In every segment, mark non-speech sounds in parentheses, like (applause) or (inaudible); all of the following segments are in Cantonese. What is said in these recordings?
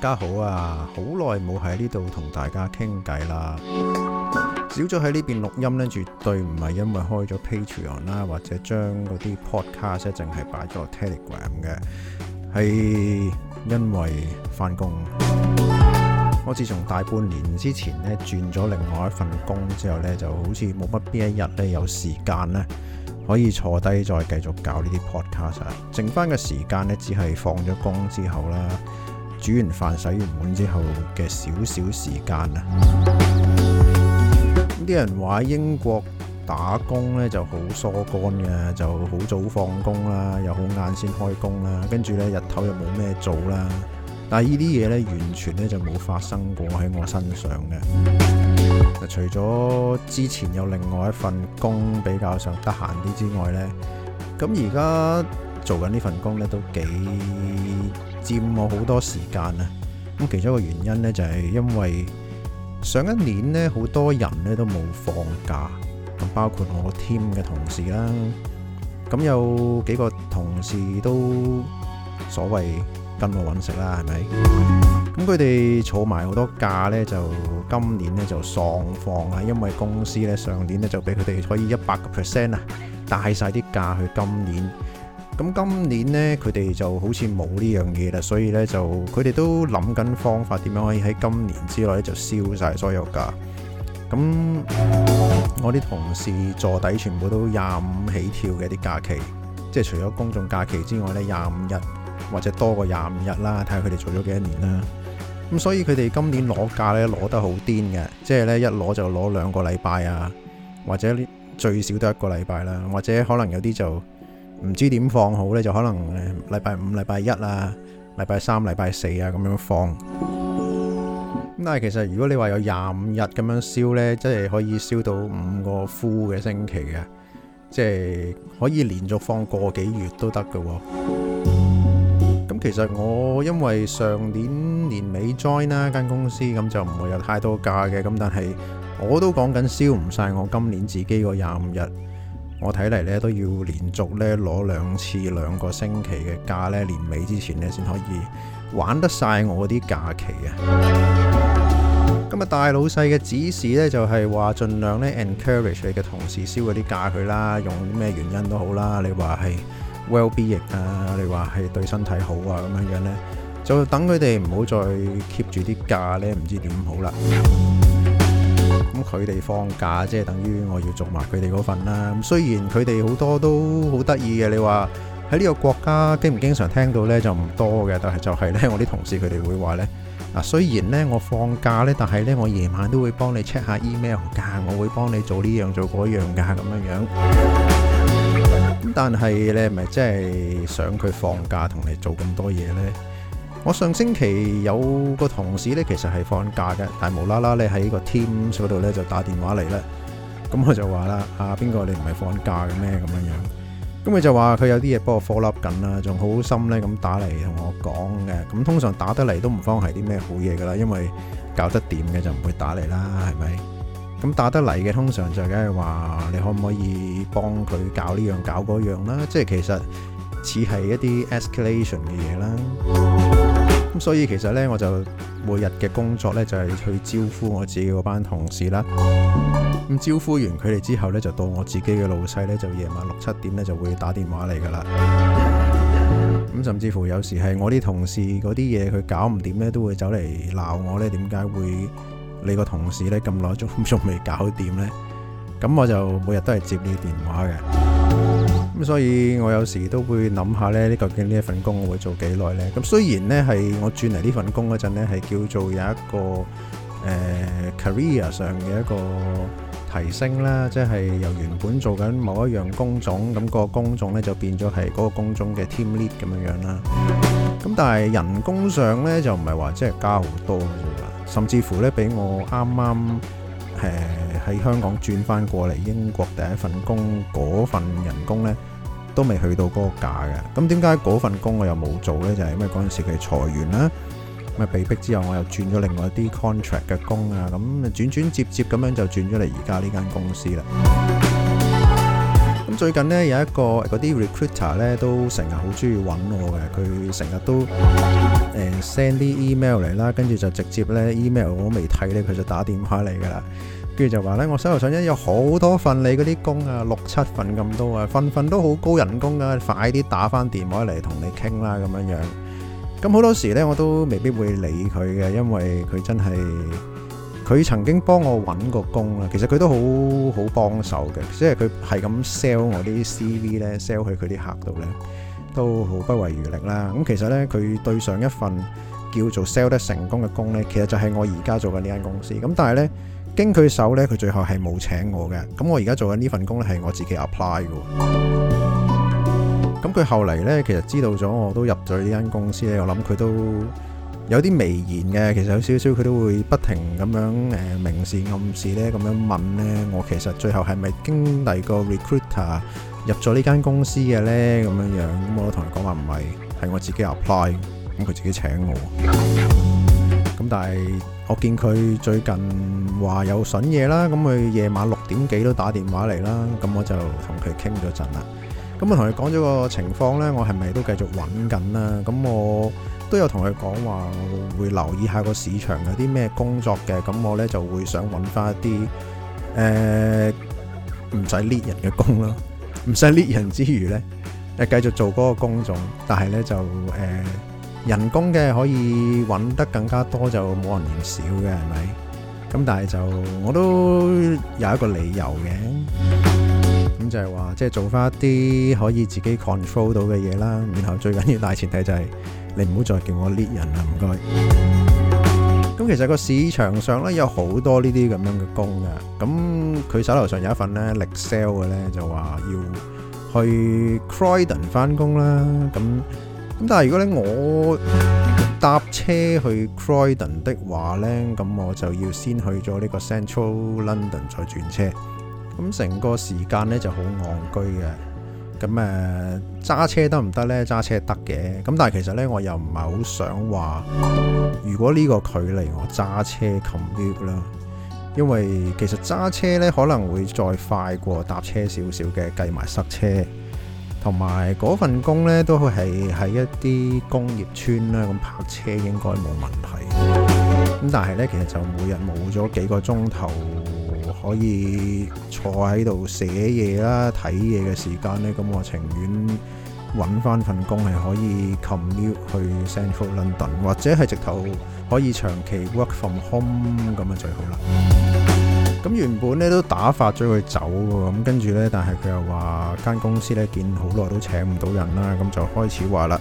大家好啊！好耐冇喺呢度同大家傾偈啦，少咗喺呢邊錄音呢，絕對唔係因為開咗 Patreon 啦，或者將嗰啲 podcast 呢，淨係擺咗 Telegram 嘅，係因為翻工。我自從大半年之前呢，轉咗另外一份工之後呢，就好似冇乜邊一日呢有時間呢，可以坐低再繼續搞呢啲 podcast，剩翻嘅時間呢，只係放咗工之後啦。煮完飯、洗完碗之後嘅少少時間啊，啲人話英國打工呢就好疏肝嘅，就好早放工啦，又好晏先開工啦，跟住呢日頭又冇咩做啦。但係呢啲嘢呢完全呢就冇發生過喺我身上嘅。除咗之前有另外一份工比較上得閒啲之外呢，咁而家做緊呢份工呢都幾。佔我好多時間啊！咁其中一個原因呢就係因為上一年呢，好多人呢都冇放假，咁包括我 team 嘅同事啦，咁有幾個同事都所謂跟我揾食啦，係咪？咁佢哋儲埋好多假呢，就今年呢就喪放啊！因為公司呢上年呢就俾佢哋可以一百個 percent 啊，帶晒啲假去今年。咁今年呢，佢哋就好似冇呢樣嘢啦，所以呢，就佢哋都諗緊方法，點樣可以喺今年之內就燒晒所有假。咁我啲同事坐底全部都廿五起跳嘅啲假期，即係除咗公眾假期之外呢，廿五日或者多過廿五日啦。睇下佢哋做咗幾多年啦。咁所以佢哋今年攞假呢，攞得好癲嘅，即係呢，一攞就攞兩個禮拜啊，或者最少都一個禮拜啦，或者可能有啲就，唔知點放好呢，就可能禮拜五、禮拜一啊、禮拜三、禮拜四啊咁樣放。咁但係其實如果你話有廿五日咁樣燒呢，即係可以燒到五個 full 嘅星期嘅，即係可以連續放個幾月都得噶。咁其實我因為上年年尾 join 啦間公司，咁就唔會有太多假嘅。咁但係我都講緊燒唔晒我今年自己個廿五日。我睇嚟咧都要連續咧攞兩次兩個星期嘅假咧，年尾之前咧先可以玩得晒我啲假期啊！咁啊 (music) 大老細嘅指示咧就係話，盡量咧 encourage 你嘅同事燒嗰啲假佢啦，用咩原因都好啦，你話係 well-being 啊，你話係對身體好啊咁樣樣咧，就等佢哋唔好再 keep 住啲假咧，唔知點好啦。 (music) 咁佢哋放假，即係等於我要做埋佢哋嗰份啦。咁雖然佢哋好多都好得意嘅，你話喺呢個國家經唔經常聽到呢就唔多嘅，但係就係呢，我啲同事佢哋會話呢：「啊雖然呢，我放假呢，但係呢，我夜晚都會幫你 check 下 email 噶，我會幫你做呢樣做嗰樣噶咁樣樣。咁但係呢，咪即係想佢放假同你做咁多嘢呢。我上星期有個同事咧，其實係放假嘅，但係無啦啦咧喺個 Teams 嗰度咧就打電話嚟啦。咁我就話啦，啊邊個你唔係放假嘅咩？咁樣樣。咁佢就話佢有啲嘢幫我 follow 緊啦，仲好心咧咁打嚟同我講嘅。咁通常打得嚟都唔慌係啲咩好嘢噶啦，因為搞得掂嘅就唔會打嚟啦，係咪？咁打得嚟嘅通常就梗係話你可唔可以幫佢搞呢樣搞嗰樣啦。即係其實似係一啲 escalation 嘅嘢啦。咁所以其實呢，我就每日嘅工作呢，就係去招呼我自己嗰班同事啦。咁招呼完佢哋之後呢，就到我自己嘅老細呢，就夜晚六七點呢，就會打電話嚟噶啦。咁甚至乎有時係我啲同事嗰啲嘢，佢搞唔掂呢，都會走嚟鬧我呢，點解會你個同事呢咁耐仲仲未搞掂呢？咁我就每日都係接你啲電話嘅。咁所以，我有時都會諗下咧，呢究竟呢一份工我會做幾耐咧？咁雖然咧係我轉嚟呢份工嗰陣咧，係叫做有一個誒 career 上嘅一個提升啦，即係由原本做緊某一樣工種，咁個工種咧就變咗係嗰個工種嘅 team lead 咁樣樣啦。咁但係人工上咧就唔係話即係加好多嘅，甚至乎咧比我啱啱。誒喺香港轉返過嚟英國第一份工嗰份人工呢，都未去到嗰個價嘅。咁點解嗰份工我又冇做呢？就係、是、因為嗰陣時佢裁員啦，咁被逼之後我又轉咗另外一啲 contract 嘅工啊，咁轉轉接接咁樣就轉咗嚟而家呢間公司啦。最近咧有一個嗰啲 recruiter 咧都成日好中意揾我嘅，佢成日都 send 啲、嗯、email 嚟啦，跟住就直接咧 email 我未睇咧，佢就打電話嚟噶啦，跟住就話咧我手頭上咧有好多份你嗰啲工啊，六七份咁多啊，份份都好高人工啊，快啲打翻電話嚟同你傾啦咁樣樣。咁好多時咧我都未必會理佢嘅，因為佢真係。佢曾經幫我揾過工啦，其實佢都好好幫手嘅，即係佢係咁 sell 我啲 CV 咧，sell 去佢啲客度咧，都好不遺餘力啦。咁其實咧，佢對上一份叫做 sell 得成功嘅工咧，其實就係我而家做緊呢間公司。咁但係咧，經佢手咧，佢最後係冇請我嘅。咁我而家做緊呢份工咧，係我自己 apply 嘅。咁佢後嚟咧，其實知道咗我都入咗呢間公司咧，我諗佢都有啲微言嘅，其實有少少佢都會不停咁樣誒明示暗示咧，咁樣問咧，我其實最後係咪經第個 recruiter 入咗呢間公司嘅咧？咁樣樣咁，我同佢講話唔係，係我自己 apply，咁佢自己請我。咁但係我見佢最近話有筍嘢啦，咁佢夜晚六點幾都打電話嚟啦，咁我就同佢傾咗陣啦。咁我同佢講咗個情況咧，我係咪都繼續揾緊啦？咁我。都有同佢講話，會留意下個市場有啲咩工作嘅。咁我咧就會想揾翻一啲誒唔使 lift 人嘅工咯，唔使 lift 人之餘咧，誒繼續做嗰個工種，但係咧就誒、呃、人工嘅可以揾得更加多，就冇人嫌少嘅，係咪？咁但係就我都有一個理由嘅，咁就係話即係做翻一啲可以自己 control 到嘅嘢啦。然後最緊要大前提就係。你唔好再叫我 lift 人啦，唔該。咁其實個市場上咧有好多呢啲咁樣嘅工嘅，咁佢手頭上有一份咧力 sell 嘅咧，就話要去 Croydon 返工啦。咁咁但係如果咧我搭車去 Croydon 的話咧，咁我就要先去咗呢個 Central London 再轉車，咁成個時間咧就好戇居嘅。咁誒揸車得唔得呢？揸車得嘅，咁但係其實呢，我又唔係好想話，如果呢個距離我揸車 commute 啦，因為其實揸車呢可能會再快過搭車少少嘅，計埋塞車，同埋嗰份工呢都係喺一啲工業村啦，咁泊車應該冇問題。咁但係呢，其實就每日冇咗幾個鐘頭。可以坐喺度寫嘢啦、睇嘢嘅時間咧，咁我情願揾翻份工係可以 commute 去 Central London，或者係直頭可以長期 work from home 咁啊最好啦。咁 (music) 原本咧都打發咗佢走喎，咁跟住咧，但係佢又話 (music) 間公司咧見好耐都請唔到人啦，咁就開始話啦。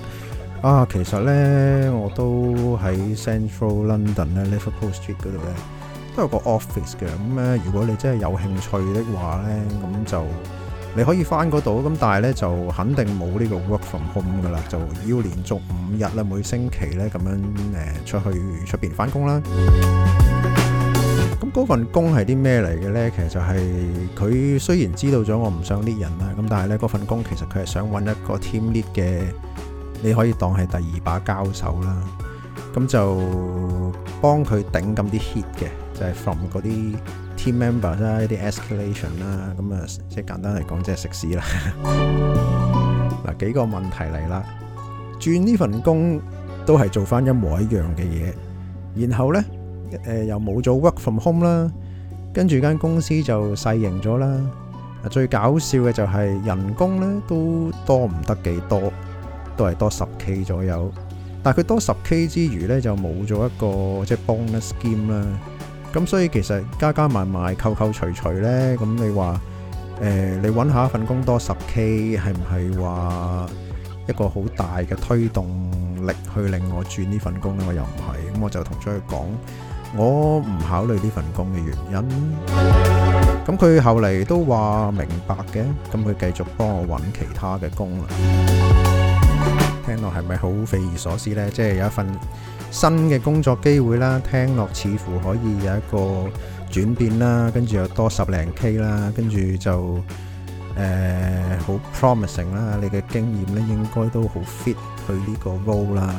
啊，其實咧我都喺 Central London 咧 (music) Liverpool Street 嗰度咧。都有個 office 嘅咁咧。如果你真係有興趣的話咧，咁就你可以翻嗰度咁，但係咧就肯定冇呢個 work from home 噶啦，就要連續五日啦，每星期咧咁樣誒出去出邊翻工啦。咁嗰份工係啲咩嚟嘅咧？其實就係佢雖然知道咗我唔想 lead 人啦，咁但係咧嗰份工其實佢係想揾一個 team lead 嘅，你可以當係第二把交手啦。咁就幫佢頂緊啲 heat 嘅。就係 from 嗰啲 team member 啦，一啲 escalation 啦，咁啊，即係簡單嚟講，即係食屎啦。嗱幾個問題嚟啦，轉呢份工都係做返一模一樣嘅嘢，然後咧誒又冇咗 work from home 啦，跟住間公司就細型咗啦。啊，最搞笑嘅就係人工咧都多唔得幾多，都係多十 K 左右，但係佢多十 K 之餘咧就冇咗一個即係、就是、bonus scheme 啦。咁所以其實加加埋埋扣扣除除呢，咁你話誒、呃、你揾下一份工多十 K，係唔係話一個好大嘅推動力去令我轉呢份工咧？我又唔係，咁我就同咗佢講，我唔考慮呢份工嘅原因。咁佢後嚟都話明白嘅，咁佢繼續幫我揾其他嘅工啦。聽落係咪好匪夷所思呢？即係有一份，新嘅工作機會啦，聽落似乎可以有一個轉變啦，跟住又多十零 K 啦，跟住就誒，好 promising 啦。你嘅經驗咧，應該都好 fit 去呢個 role 啦。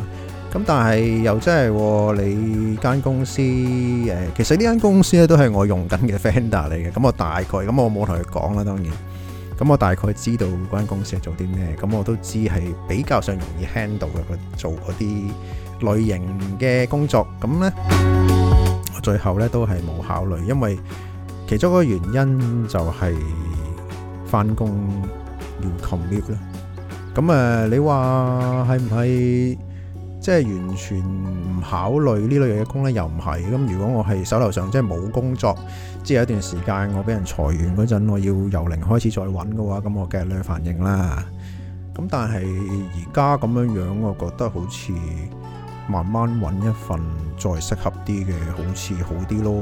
咁但係又真係你間公司誒，其實呢間公司咧，都係我用緊嘅 vendor 嚟嘅。咁我大概，咁我冇同佢講啦，當然。咁我大概知道嗰間公司係做啲咩，咁我都知係比較上容易 handle 嘅個做嗰啲類型嘅工作，咁咧我最後咧都係冇考慮，因為其中一個原因就係翻工要 commute 咧，咁誒你話係唔係？即係完全唔考慮呢類嘢嘅工咧，又唔係咁。如果我係手頭上即係冇工作，即係有一段時間我俾人裁員嗰陣，我要由零開始再揾嘅話，咁我 get 呢個反應啦。咁但係而家咁樣樣，我覺得好似慢慢揾一份再適合啲嘅，好似好啲咯。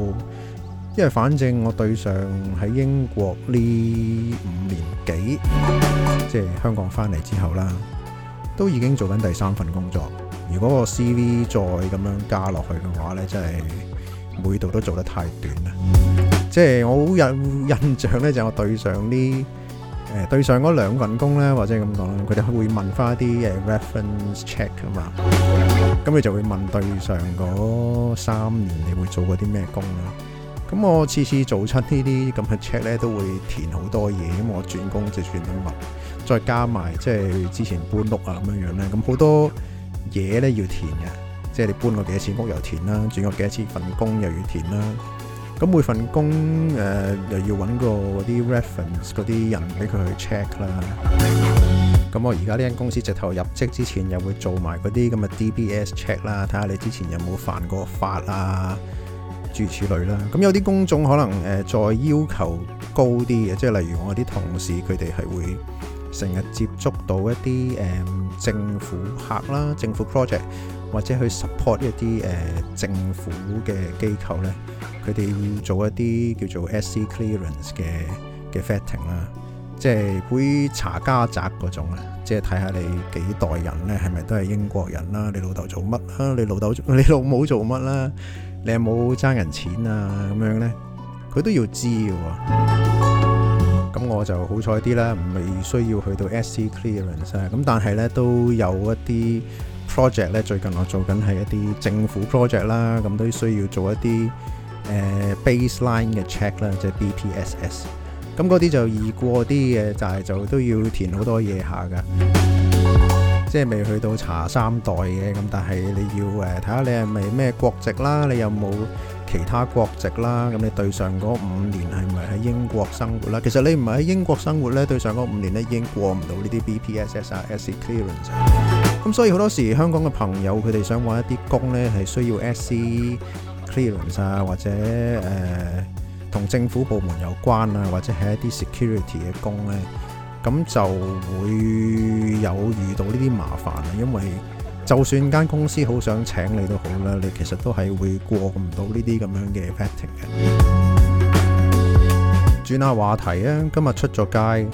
因為反正我對上喺英國呢五年幾， (music) 即係香港返嚟之後啦，都已經做緊第三份工作。如果個 CV 再咁樣加落去嘅話咧，真係每度都做得太短啦。即係我好有印象咧，就係我對上啲誒、呃、對上嗰兩份工咧，或者咁講啦，佢哋會問翻啲誒 reference check 啊嘛。咁你就會問對上嗰三年你會做過啲咩工啦。咁我次次做出呢啲咁嘅 check 咧，都會填好多嘢，咁我轉工就算，咁多，再加埋即係之前搬屋啊咁樣樣咧，咁好多，嘢咧要填嘅，即係你搬過幾多次屋又要填啦，轉過幾多次份工又要填啦。咁每份工、呃、又要揾個啲 reference 嗰啲人俾佢去 check 啦。咁 (music) 我而家呢間公司直頭入職之前又會做埋嗰啲咁嘅 DBS check 啦，睇下你之前有冇犯過法啊，諸如此類啦。咁有啲工種可能、呃、再要求高啲嘅，即係例如我啲同事佢哋係會。成日接觸到一啲誒、嗯、政府客啦，政府 project 或者去 support 一啲誒、呃、政府嘅機構咧，佢哋要做一啲叫做 SC clearance 嘅嘅 fitting 啦，即係會查家宅嗰種啊，即係睇下你幾代人咧係咪都係英國人啦，你老豆做乜啊？你老豆你老母做乜啦？你有冇爭人錢啊？咁樣咧，佢都要知嘅喎。我就好彩啲啦，唔係需要去到 SC clearance，咁但係呢都有一啲 project 呢，最近我做緊係一啲政府 project 啦，咁都需要做一啲誒、呃、baseline 嘅 check 啦，即係 BPSS。咁嗰啲就易過啲嘅，就係、是、就都要填好多嘢下噶，即係未去到查三代嘅，咁但係你要誒睇下你係咪咩國籍啦，你有冇？其他國籍啦，咁你對上嗰五年係咪喺英國生活啦？其實你唔係喺英國生活咧，對上嗰五年咧已經過唔到呢啲 BPSS 啊、SC clearance。咁所以好多時香港嘅朋友佢哋想揾一啲工咧係需要 SC clearance 啊，或者誒同、呃、政府部門有關啊，或者係一啲 security 嘅工咧，咁就會有遇到呢啲麻煩啊，因為。就算間公司好想請你都好啦，你其實都係會過唔到呢啲咁樣嘅 fetting 嘅。轉下話題啊，今日出咗街，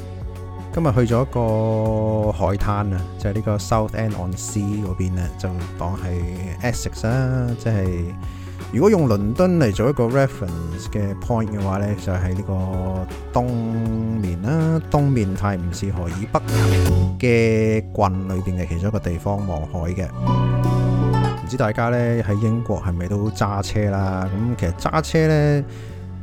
今日去咗一個海灘啊，就係、是、呢個 Southend on Sea 嗰邊咧，就當係 Essex 啦，即係。如果用倫敦嚟做一個 reference 嘅 point 嘅話呢，就喺、是、呢個東面啦，東面泰晤士河以北嘅郡裏邊嘅其中一個地方，望海嘅。唔知大家呢，喺英國係咪都揸車啦？咁其實揸車呢。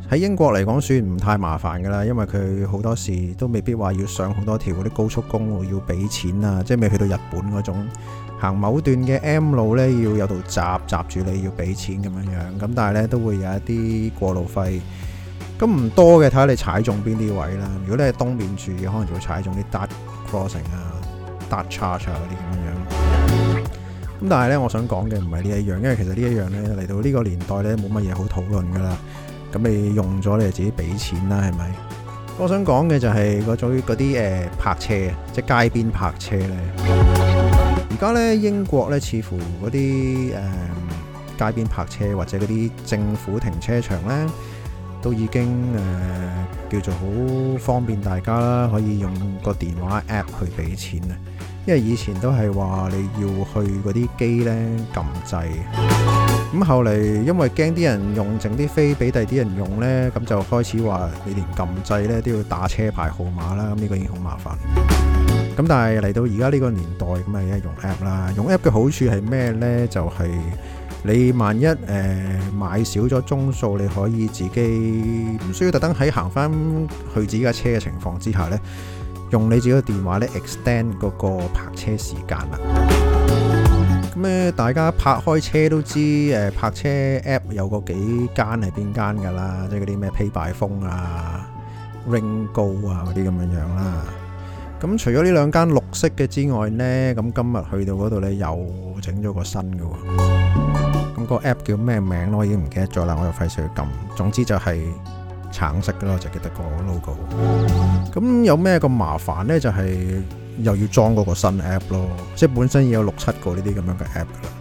喺英國嚟講算唔太麻煩噶啦，因為佢好多時都未必話要上好多條嗰啲高速公路要俾錢啊，即係未去到日本嗰種行某段嘅 M 路呢，要有度閘閘住你要俾錢咁樣樣，咁但係呢，都會有一啲過路費，咁唔多嘅睇下你踩中邊啲位啦。如果你係東面住嘅，可能就會踩中啲 Dart Crossing 啊、Dart Charge 啊嗰啲咁樣樣。咁但係呢，我想講嘅唔係呢一樣，因為其實呢一樣呢，嚟到呢個年代呢，冇乜嘢好討論噶啦。咁你用咗你就自己俾錢啦，係咪？我想講嘅就係嗰種嗰啲誒泊車，即係街邊泊車咧。而家呢，英國呢，似乎嗰啲誒街邊泊車或者嗰啲政府停車場呢，都已經誒、呃、叫做好方便大家啦，可以用個電話 App 去俾錢啊。因為以前都係話你要去嗰啲機呢，撳掣。咁後嚟，因為驚啲人用剩啲飛俾第啲人用呢，咁就開始話你連撳掣咧都要打車牌號碼啦。咁、這、呢個已經好麻煩。咁但係嚟到而家呢個年代，咁啊已用 app 啦。用 app 嘅好處係咩呢？就係、是、你萬一誒、呃、買少咗鐘數，你可以自己唔需要特登喺行翻去自己架車嘅情況之下呢，用你自己嘅電話呢 extend 嗰個泊車時間啦。咁大家泊開車都知，誒、啊、泊車 App 有個幾間係邊間㗎啦，即係嗰啲咩 PayByPhone 啊、RingGo 啊嗰啲咁樣樣啦。咁除咗呢兩間綠色嘅之外呢，咁今日去到嗰度呢，又整咗個新嘅喎、啊。咁個 App 叫咩名咯？我已經唔記得咗啦。我又費事去撳。總之就係橙色嘅咯，就記得個 logo。咁有咩咁麻煩呢？就係、是、～又要裝嗰個新 app 咯，即係本身已有六七個呢啲咁樣嘅 app 㗎啦。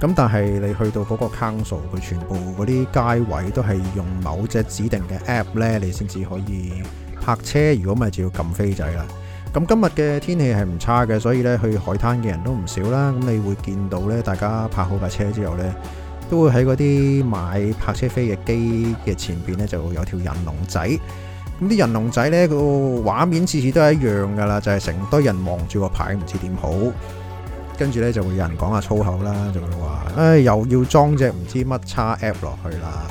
咁但係你去到嗰個 council，佢全部嗰啲街位都係用某隻指定嘅 app 呢，你先至可以泊車。如果唔係，就要撳飛仔啦。咁今日嘅天氣係唔差嘅，所以呢去海灘嘅人都唔少啦。咁你會見到呢，大家泊好架車之後呢，都會喺嗰啲買泊車飛嘅機嘅前邊呢，就有一條人龍仔。咁啲人龍仔呢個畫面次次都係一樣噶啦，就係成堆人望住個牌，唔知點好。跟住呢就會有人講下粗口啦，就會話：唉，又要裝隻唔知乜叉 app 落去啦。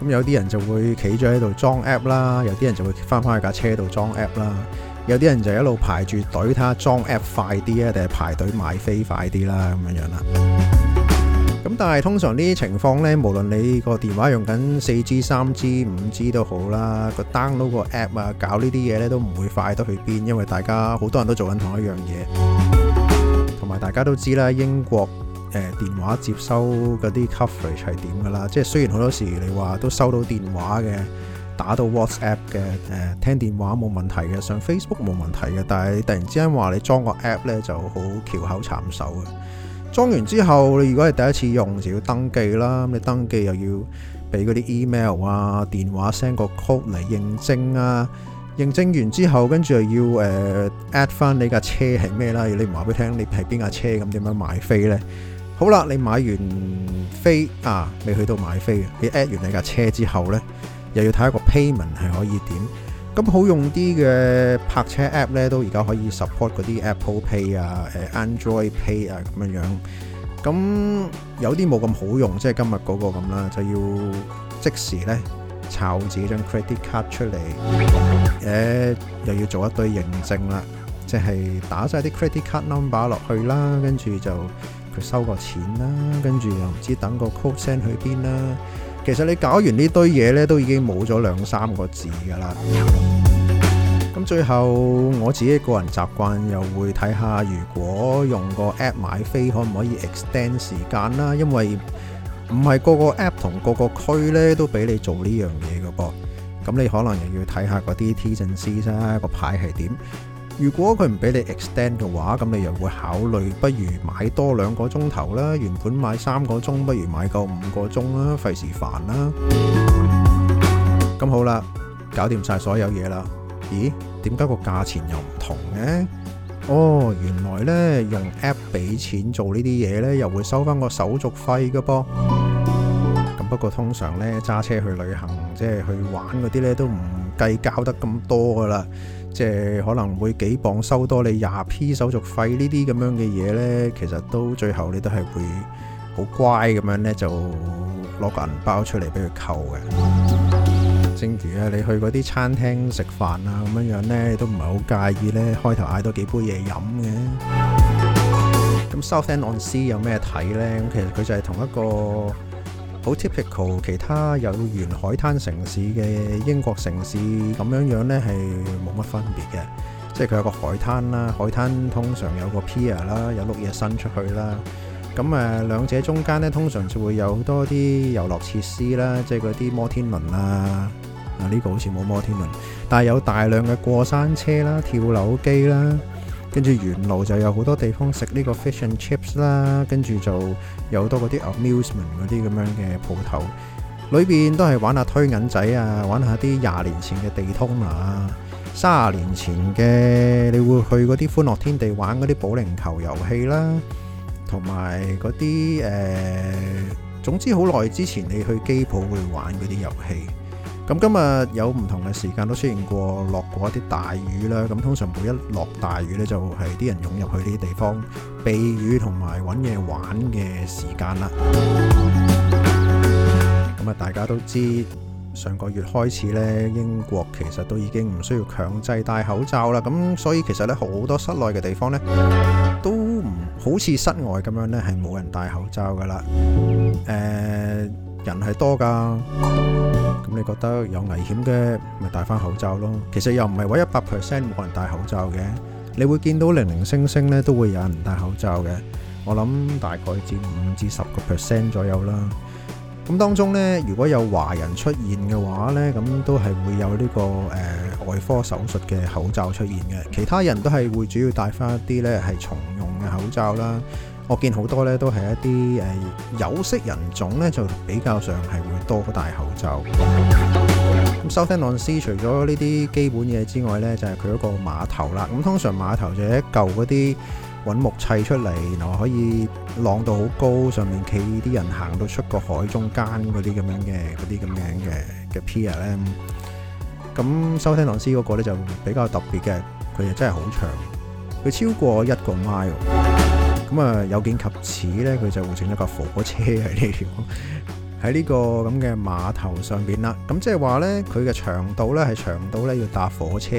咁有啲人就會企咗喺度裝 app 啦，有啲人就會翻返去架車度裝 app 啦，有啲人就一路排住隊睇下裝 app 快啲啊，定係排隊買飛快啲啦，咁樣樣啦。咁但係通常呢啲情況呢，無論你個電話用緊四 G、三 G、五 G 都好啦，個 download 個 app 啊，搞呢啲嘢呢都唔會快得去邊，因為大家好多人都做緊同一樣嘢，同埋大家都知啦，英國誒電話接收嗰啲 coverage 係點㗎啦，即係雖然好多時你話都收到電話嘅，打到 WhatsApp 嘅，誒聽電話冇問題嘅，上 Facebook 冇問題嘅，但係突然之間話你裝個 app 呢就好橋口慘手嘅。裝完之後，你如果係第一次用，就要登記啦。咁你登記又要俾嗰啲 email 啊、電話 send 個 code 嚟認證啊。認證完之後，跟住又要誒 add 翻你架車係咩啦。你唔話俾佢聽你係邊架車，咁點樣買飛呢？好啦，你買完飛啊，未去到買飛。你 add 完你架車之後呢，又要睇一個 payment 係可以點。咁好用啲嘅泊車 App 咧，都而家可以 support 嗰啲 Apple Pay 啊、誒、啊、Android Pay 啊咁樣。咁有啲冇咁好用，即係今日嗰個咁啦，就要即時咧摷自己張 credit card 出嚟，誒、啊、又要做一堆認證啦，即、就、係、是、打晒啲 credit card number 落去啦，跟住就佢收個錢啦，跟住又唔知等個 code send 去邊啦。其實你搞完呢堆嘢咧，都已經冇咗兩三個字噶啦。咁最後我自己個人習慣又會睇下，如果用個 app 買飛可唔可以 extend 時間啦？因為唔係個個 app 同個個區咧都俾你做呢樣嘢噶噃。咁你可能又要睇下嗰啲 T&C 啦，個牌係點。如果佢唔俾你 extend 嘅話，咁你又會考慮不如買多兩個鐘頭啦，原本買三個鐘，不如買夠五個鐘啦，費事煩啦。咁好啦，搞掂晒所有嘢啦。咦，點解個價錢又唔同呢？哦，原來呢用 app 俾錢做呢啲嘢呢，又會收翻個手續費㗎噃。咁不過通常呢揸車去旅行，即係去玩嗰啲呢，都唔計交得咁多㗎啦。即係可能會幾磅收多你廿 P 手續費呢啲咁樣嘅嘢咧，其實都最後你都係會好乖咁樣咧，就攞個銀包出嚟俾佢扣嘅。正如啊，你去嗰啲餐廳食飯啊咁樣樣咧，都唔係好介意咧，開頭嗌多幾杯嘢飲嘅。咁 Southend on Sea 有咩睇咧？其實佢就係同一個。好 typical，其他有沿海灘城市嘅英國城市咁樣樣咧，係冇乜分別嘅。即係佢有個海灘啦，海灘通常有個 pier 啦，有碌嘢伸出去啦。咁誒，兩者中間咧，通常就會有多啲遊樂設施啦，即係嗰啲摩天輪啦。啊，呢個好似冇摩天輪，但係有大量嘅過山車啦、跳樓機啦。跟住沿路就有好多地方食呢個 fish and chips 啦，跟住就有好多嗰啲 amusement 嗰啲咁樣嘅鋪頭，裏邊都係玩下推銀仔啊，玩下啲廿年前嘅地通啊，三十年前嘅，你會去嗰啲歡樂天地玩嗰啲保齡球遊戲啦，同埋嗰啲誒，總之好耐之前你去機鋪會玩嗰啲遊戲。咁今日有唔同嘅時間都出現過落過一啲大雨啦。咁通常每一落大雨呢，就係啲人湧入去呢啲地方避雨同埋揾嘢玩嘅時間啦。咁啊，大家都知上個月開始呢，英國其實都已經唔需要強制戴口罩啦。咁所以其實呢，好多室內嘅地方呢，都唔好似室外咁樣呢，係冇人戴口罩噶啦。誒，人係多㗎。咁你覺得有危險嘅，咪戴翻口罩咯。其實又唔係話一百 percent 冇人戴口罩嘅，你會見到零零星星咧，都會有人戴口罩嘅。我諗大概佔五至十個 percent 左右啦。咁當中呢，如果有華人出現嘅話呢，咁都係會有呢、這個誒、呃、外科手術嘅口罩出現嘅。其他人都係會主要戴翻一啲呢，係重用嘅口罩啦。我見好多咧，都係一啲誒有色人種咧，就比較上係會多戴口罩。咁 Southend 除咗呢啲基本嘢之外咧，就係佢嗰個碼頭啦。咁通常碼頭就係一舊嗰啲揾木砌出嚟，然後可以浪到好高，上面企啲人行到出個海中間嗰啲咁樣嘅啲咁樣嘅嘅 pier 咧。咁 Southend 嗰個咧就比較特別嘅，佢就真係好長，佢超過一個 mile。咁啊，有件及此呢，佢就會整一架火車喺呢條喺呢個咁嘅碼頭上邊啦。咁即係話呢，佢嘅長度呢係長到呢要搭火車。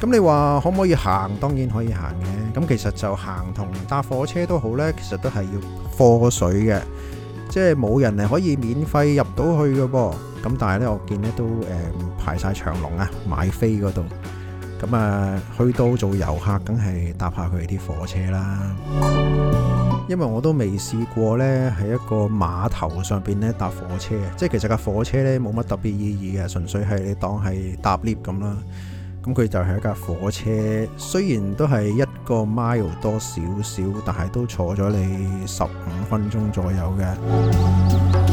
咁你話可唔可以行？當然可以行嘅。咁其實就行同搭火車都好呢，其實都係要科水嘅，即係冇人係可以免費入到去嘅噃。咁但係呢，我見呢都誒、嗯、排晒長龍啊，買飛嗰度。咁啊，去到做遊客，梗係搭下佢哋啲火車啦。因為我都未試過呢喺一個碼頭上邊呢搭火車，即係其實架火車呢冇乜特別意義嘅，純粹係你當係搭 lift 咁啦。咁佢就係一架火車，雖然都係一個 mile 多少少，但係都坐咗你十五分鐘左右嘅。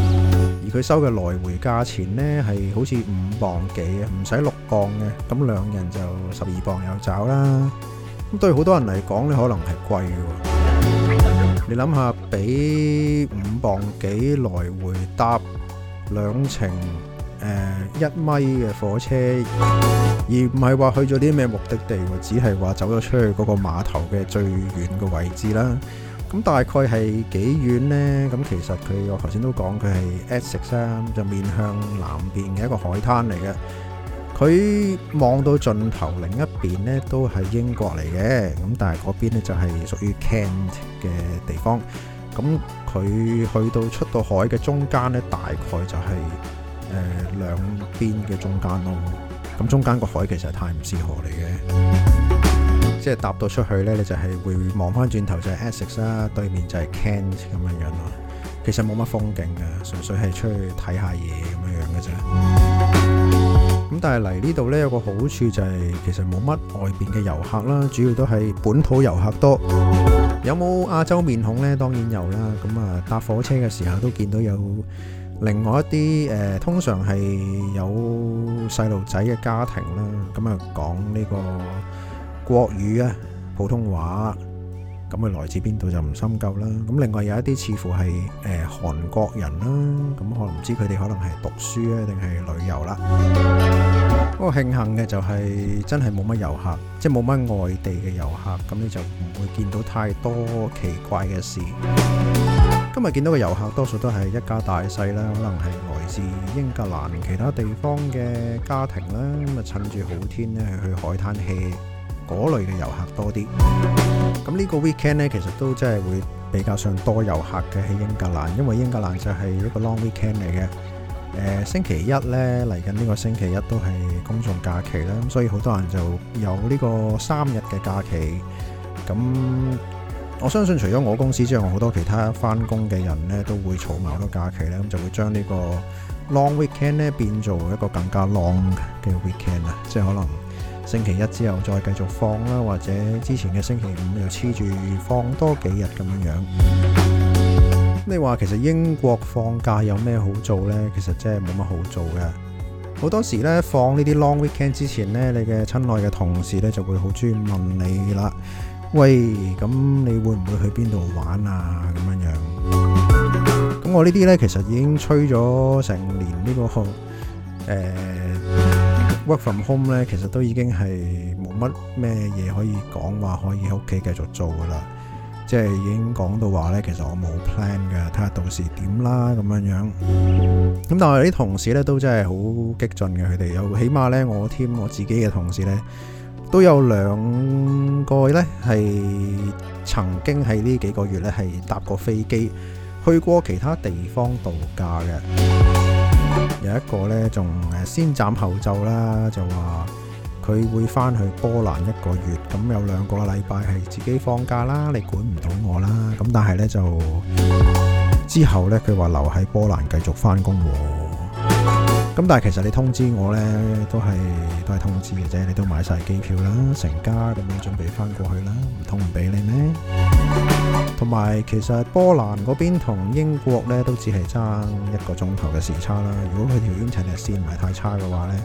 佢收嘅來回價錢呢，係好似五磅幾啊，唔使六磅嘅。咁兩人就十二磅有找啦。咁對好多人嚟講呢，可能係貴嘅。你諗下，俾五磅幾來回搭兩程誒一米嘅火車，而唔係話去咗啲咩目的地，只係話走咗出去嗰個碼頭嘅最遠嘅位置啦。咁大概係幾遠咧？咁其實佢我頭先都講，佢係 Essex 啊，就面向南邊嘅一個海灘嚟嘅。佢望到盡頭另一邊咧，都係英國嚟嘅。咁但係嗰邊咧就係屬於 Kent 嘅地方。咁佢去到出到海嘅中間咧，大概就係誒兩邊嘅中間咯。咁中間個海其實泰晤士河嚟嘅。即係搭到出去呢，你就係會望翻轉頭就係 Essex 啦，對面就係 Kent 咁樣樣咯。其實冇乜風景嘅，純粹係出去睇下嘢咁樣樣嘅啫。咁但係嚟呢度呢，有個好處就係、是、其實冇乜外面嘅遊客啦，主要都係本土遊客多。有冇亞洲面孔呢？當然有啦。咁啊搭火車嘅時候都見到有另外一啲、呃、通常係有細路仔嘅家庭啦。咁啊講呢個。國語啊，普通話，咁啊來自邊度就唔深究啦。咁另外有一啲似乎係誒、呃、韓國人啦，咁可能唔知佢哋可能係讀書啊定係旅遊啦。不、那、過、個、慶幸嘅就係真係冇乜遊客，即係冇乜外地嘅遊客，咁你就唔會見到太多奇怪嘅事。今日見到嘅遊客多數都係一家大細啦，可能係來自英格蘭其他地方嘅家庭啦，咁啊趁住好天咧去海灘 h 嗰類嘅遊客多啲，咁呢個 weekend 呢，其實都真係會比較上多遊客嘅喺英格蘭，因為英格蘭就係一個 long weekend 嚟嘅。星期一呢，嚟緊呢個星期一都係公眾假期啦，咁所以好多人就有呢個三日嘅假期。咁我相信除咗我公司之外，我好多其他返工嘅人呢，都會儲埋好多假期呢，咁就會將呢個 long weekend 呢變做一個更加 long 嘅 weekend 啊，即係可能。星期一之後再繼續放啦，或者之前嘅星期五又黐住放多幾日咁樣樣。你話其實英國放假有咩好做呢？其實真係冇乜好做嘅。好多時呢，放呢啲 long weekend 之前呢，你嘅親愛嘅同事呢就會好鍾意問你啦：喂，咁你會唔會去邊度玩啊？咁樣樣。咁我呢啲呢，其實已經吹咗成年呢個 Work from home 咧，其實都已經係冇乜咩嘢可以講話，可以喺屋企繼續做噶啦。即係已經講到話咧，其實我冇 plan 嘅，睇下到時點啦咁樣樣。咁但係啲同事咧都真係好激進嘅，佢哋有，起碼咧我添 team 我自己嘅同事咧都有兩個咧係曾經喺呢幾個月咧係搭過飛機去過其他地方度假嘅。有一個咧，仲誒先斬後奏啦，就話佢會返去波蘭一個月，咁有兩個禮拜係自己放假啦，你管唔到我啦。咁但係咧就之後咧，佢話留喺波蘭繼續返工喎。咁但係其實你通知我咧，都係都係通知嘅啫。你都買晒機票啦，成家咁樣準備返過去啦，唔通唔俾你咩？同埋，其實波蘭嗰邊同英國呢，都只係爭一個鐘頭嘅時差啦。如果佢條 internet 線唔係太差嘅話呢，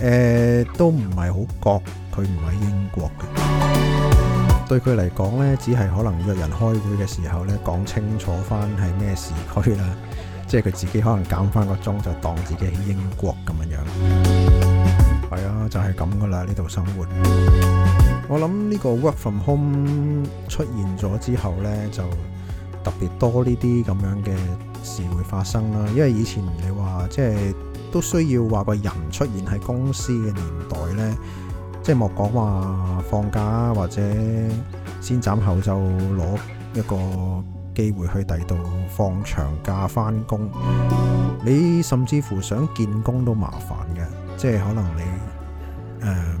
誒、欸、都唔係好覺佢唔喺英國嘅。對佢嚟講呢，只係可能約人開會嘅時候呢，講清楚翻係咩時區啦。即係佢自己可能減翻個鐘，就當自己喺英國咁樣樣。係啊，就係咁噶啦，呢度生活。我諗呢個 work from home 出現咗之後呢，就特別多呢啲咁樣嘅事會發生啦。因為以前你話即係都需要話個人出現喺公司嘅年代呢，即係莫講話放假或者先斬後奏攞一個機會去第二度放長假翻工，你甚至乎想見工都麻煩嘅，即係可能你誒。呃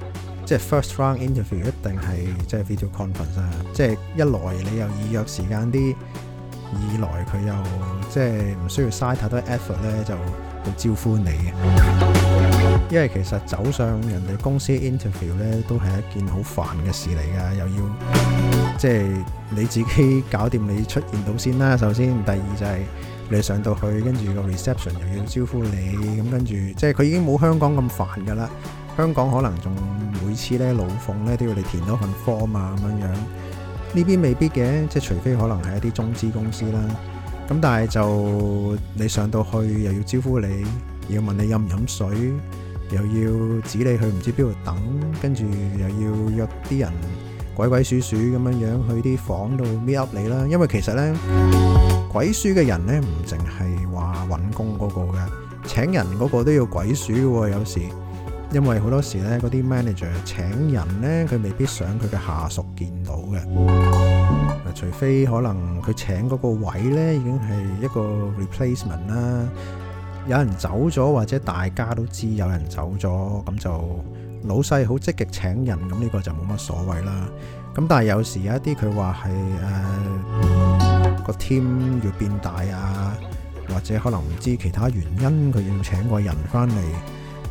即係 first round interview 一定係即係 video conference 啊！即係一來你又預約時間啲，二來佢又即係唔需要嘥太多 effort 咧，就去招呼你嘅。因為其實走上人哋公司嘅 interview 咧，都係一件好煩嘅事嚟㗎，又要即係你自己搞掂你出現到先啦。首先，第二就係你上到去，跟住個 reception 又要招呼你，咁跟住即係佢已經冇香港咁煩㗎啦。香港可能仲每次咧老奉咧都要你填多份 form 啊，咁樣樣，呢邊未必嘅，即係除非可能係一啲中資公司啦。咁但係就你上到去又要招呼你，要問你飲唔飲水，又要指你去唔知邊度等，跟住又要約啲人鬼鬼祟祟咁樣樣去啲房度 meet up 你啦。因為其實咧鬼鼠嘅人咧唔淨係話揾工嗰個嘅，請人嗰個都要鬼鼠嘅喎，有時。因為好多時咧，嗰啲 manager 請人咧，佢未必想佢嘅下屬見到嘅。除非可能佢請嗰個位咧已經係一個 replacement 啦，有人走咗或者大家都知有人走咗，咁就老細好積極請人，咁呢個就冇乜所謂啦。咁但係有時有一啲佢話係誒個 team 要變大啊，或者可能唔知其他原因，佢要請個人翻嚟。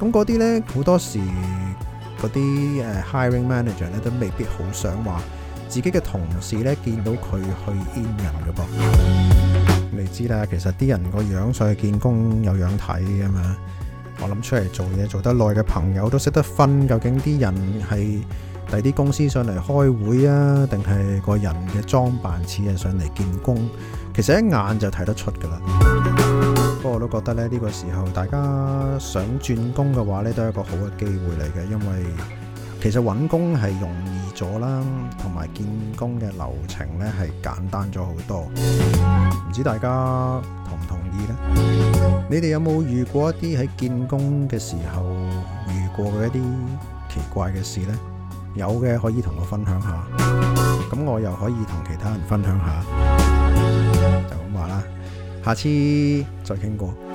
咁嗰啲呢，好多時嗰啲誒 hiring manager 咧都未必好想話自己嘅同事呢見到佢去 Interview 嘅噃。你知啦，其實啲人個樣上去見工有樣睇㗎嘛。我諗出嚟做嘢做得耐嘅朋友都識得分，究竟啲人係第啲公司上嚟開會啊，定係個人嘅裝扮似係上嚟見工？其實一眼就睇得出㗎啦。我都覺得呢，呢個時候大家想轉工嘅話呢都係一個好嘅機會嚟嘅，因為其實揾工係容易咗啦，同埋見工嘅流程呢係簡單咗好多。唔知大家同唔同意呢？你哋有冇遇過一啲喺見工嘅時候遇過嘅一啲奇怪嘅事呢？有嘅可以同我分享下，咁我又可以同其他人分享下，就咁話啦。下次再傾過。